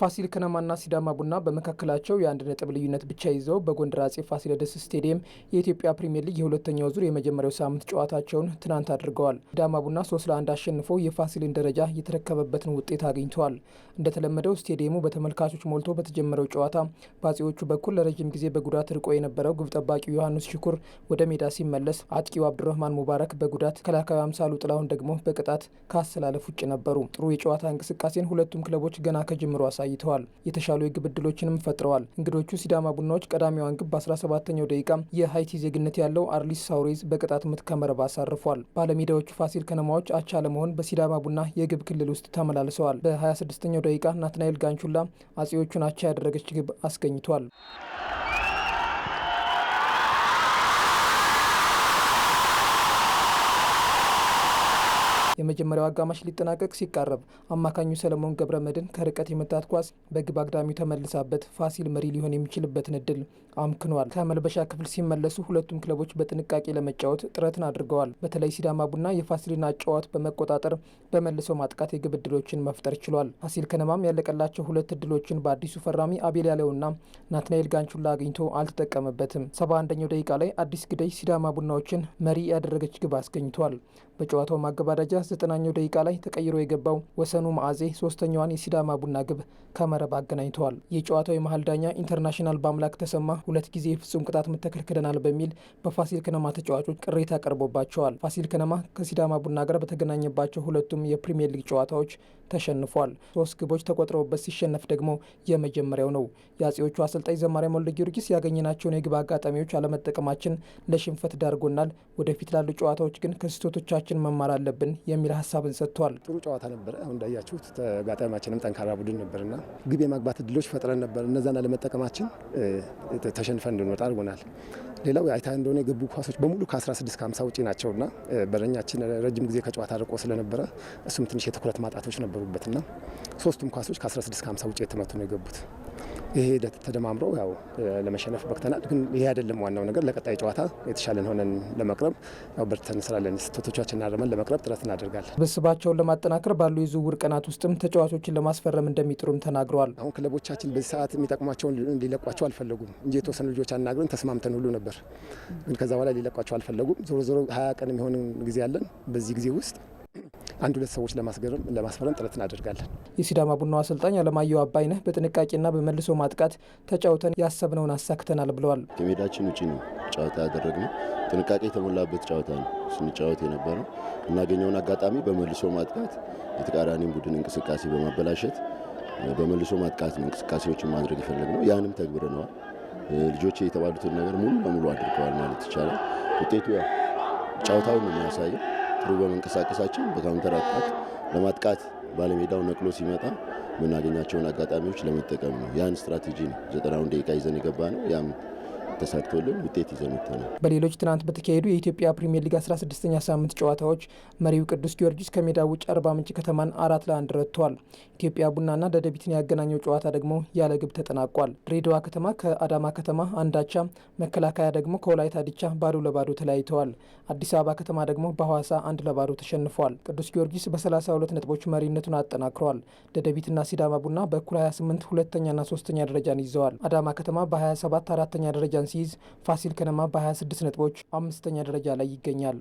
ፋሲል ከነማና ሲዳማ ቡና በመካከላቸው የአንድ ነጥብ ልዩነት ብቻ ይዘው በጎንደር አጼ ፋሲለደስ ስቴዲየም የኢትዮጵያ ፕሪምየር ሊግ የሁለተኛው ዙር የመጀመሪያው ሳምንት ጨዋታቸውን ትናንት አድርገዋል። ሲዳማ ቡና ሶስት ለአንድ አሸንፎ የፋሲልን ደረጃ የተረከበበትን ውጤት አግኝተዋል። እንደተለመደው ስቴዲየሙ በተመልካቾች ሞልቶ በተጀመረው ጨዋታ በአጼዎቹ በኩል ለረዥም ጊዜ በጉዳት ርቆ የነበረው ግብ ጠባቂው ዮሐንስ ሽኩር ወደ ሜዳ ሲመለስ፣ አጥቂው አብዱረህማን ሙባረክ በጉዳት ከላካዊ አምሳሉ ጥላሁን ደግሞ በቅጣት ከአሰላለፍ ውጭ ነበሩ። ጥሩ የጨዋታ እንቅስቃሴን ሁለቱም ክለቦች ገና ከጅምሮ አሳ። አሳይተዋል። የተሻሉ የግብ ዕድሎችንም ፈጥረዋል። እንግዶቹ ሲዳማ ቡናዎች ቀዳሚዋን ግብ በ17ኛው ደቂቃ የሀይቲ ዜግነት ያለው አርሊስ ሳውሬዝ በቅጣት ምት ከመረብ አሳርፏል። ባለሜዳዎቹ ፋሲል ከነማዎች አቻ ለመሆን በሲዳማ ቡና የግብ ክልል ውስጥ ተመላልሰዋል። በ26ኛው ደቂቃ ናትናኤል ጋንቹላ አጼዎቹን አቻ ያደረገች ግብ አስገኝቷል። የመጀመሪያው አጋማሽ ሊጠናቀቅ ሲቃረብ አማካኙ ሰለሞን ገብረመድን ከርቀት የመታት ኳስ በግብ አግዳሚው ተመልሳበት ፋሲል መሪ ሊሆን የሚችልበትን እድል አምክኗል። ከመልበሻ ክፍል ሲመለሱ ሁለቱም ክለቦች በጥንቃቄ ለመጫወት ጥረትን አድርገዋል። በተለይ ሲዳማ ቡና የፋሲልን አጨዋወት በመቆጣጠር በመልሶ ማጥቃት የግብ እድሎችን መፍጠር ችሏል። ፋሲል ከነማም ያለቀላቸው ሁለት እድሎችን በአዲሱ ፈራሚ አቤል ያለውና ናትናኤል ጋንቹላ አግኝቶ አልተጠቀመበትም። ሰባ አንደኛው ደቂቃ ላይ አዲስ ግደይ ሲዳማ ቡናዎችን መሪ ያደረገች ግብ አስገኝቷል። በጨዋታው ማገባዳጃ ዘጠናኛው ደቂቃ ላይ ተቀይሮ የገባው ወሰኑ ማዕዜ ሶስተኛዋን የሲዳማ ቡና ግብ ከመረብ አገናኝተዋል። የጨዋታው የመሀል ዳኛ ኢንተርናሽናል በአምላክ ተሰማ ሁለት ጊዜ የፍጹም ቅጣት ምት ተከልክለናል በሚል በፋሲል ከነማ ተጫዋቾች ቅሬታ ቀርቦባቸዋል። ፋሲል ከነማ ከሲዳማ ቡና ጋር በተገናኘባቸው ሁለቱም የፕሪምየር ሊግ ጨዋታዎች ተሸንፏል። ሶስት ግቦች ተቆጥረውበት ሲሸነፍ ደግሞ የመጀመሪያው ነው። የአጼዎቹ አሰልጣኝ ዘማሪያ ወልደ ጊዮርጊስ ያገኘናቸውን የግብ አጋጣሚዎች አለመጠቀማችን ለሽንፈት ዳርጎናል። ወደፊት ላሉ ጨዋታዎች ግን ከስህተቶቻችን ከስህተታችን መማር አለብን የሚል ሀሳብን ሰጥቷል። ጥሩ ጨዋታ ነበር። አሁን እንዳያችሁት ተጋጣሚያችንም ጠንካራ ቡድን ነበርና ግብ የማግባት እድሎች ፈጥረን ነበር። እነዛን አለመጠቀማችን ተሸንፈን እንድንወጣ አድርጎናል። ሌላው አይታ እንደሆነ የገቡ ኳሶች በሙሉ ከ16 ከ50 ውጪ ናቸውና በረኛችን ረጅም ጊዜ ከጨዋታ ርቆ ስለነበረ እሱም ትንሽ የትኩረት ማጣቶች ነበሩበትና ሶስቱም ኳሶች ከ16 ከ50 ውጪ የተመቱ ነው የገቡት። ይሄ ሂደት ተደማምሮ ያው ለመሸነፍ በቅተናል። ግን ይሄ አይደለም ዋናው ነገር። ለቀጣይ ጨዋታ የተሻለን ሆነን ለመቅረብ ያው በርተን እንስራለን። ስህተቶቻችንን አርመን ለመቅረብ ጥረት እናደርጋለን። ስብስባቸውን ለማጠናከር ባሉ የዝውውር ቀናት ውስጥም ተጫዋቾችን ለማስፈረም እንደሚጥሩም ተናግረዋል። አሁን ክለቦቻችን በዚህ ሰዓት የሚጠቅሟቸውን ሊለቋቸው አልፈለጉም እንጂ የተወሰኑ ልጆች አናግረን ተስማምተን ሁሉ ነበር። ግን ከዛ በኋላ ሊለቋቸው አልፈለጉም። ዞሮ ዞሮ ሀያ ቀን የሚሆን ጊዜ አለን። በዚህ ጊዜ ውስጥ አንድ ሁለት ሰዎች ለማስፈረም ጥረት እናደርጋለን። የሲዳማ ቡናው አሰልጣኝ አለማየሁ አባይነህ በጥንቃቄና በመልሶ ማጥቃት ተጫውተን ያሰብነውን አሳክተናል ብለዋል። ከሜዳችን ውጭ ነው ጨዋታ ያደረግነው። ጥንቃቄ የተሞላበት ጨዋታ ነው ስንጫወት የነበረው። እናገኘውን አጋጣሚ በመልሶ ማጥቃት የተቃራኒን ቡድን እንቅስቃሴ በማበላሸት በመልሶ ማጥቃት ነው እንቅስቃሴዎችን ማድረግ የፈለግነው። ያንም ተግብረነዋል። ልጆች የተባሉትን ነገር ሙሉ ለሙሉ አድርገዋል ማለት ይቻላል። ውጤቱ ጨዋታውን ነው የሚያሳየው። ጥሩ በመንቀሳቀሳችን በካውንተር አጣት ለማጥቃት ባለሜዳው ነቅሎ ሲመጣ የምናገኛቸውን አጋጣሚዎች ለመጠቀም ነው። ያን ስትራቴጂ ነው ዘጠናውን ደቂቃ ይዘን የገባ ነው። ያም ተሳትፎልን ውጤት ይዘን ይተናል። በሌሎች ትናንት በተካሄዱ የኢትዮጵያ ፕሪምየር ሊግ 16ኛ ሳምንት ጨዋታዎች መሪው ቅዱስ ጊዮርጊስ ከሜዳ ውጭ አርባ ምንጭ ከተማን አራት ለአንድ ረትቷል። ኢትዮጵያ ቡናና ደደቢትን ያገናኘው ጨዋታ ደግሞ ያለ ግብ ተጠናቋል። ድሬዳዋ ከተማ ከአዳማ ከተማ አንዳቻ፣ መከላከያ ደግሞ ከወላይታ ዲቻ ባዶ ለባዶ ተለያይተዋል። አዲስ አበባ ከተማ ደግሞ በሐዋሳ አንድ ለባዶ ተሸንፏል። ቅዱስ ጊዮርጊስ በ32 ነጥቦች መሪነቱን አጠናክረዋል። ደደቢትና ሲዳማ ቡና በኩል 28 ሁለተኛና ሶስተኛ ደረጃን ይዘዋል። አዳማ ከተማ በ27 አራተኛ ደረጃ ደረጃን ሲይዝ ፋሲል ከነማ በ26 ነጥቦች አምስተኛ ደረጃ ላይ ይገኛል።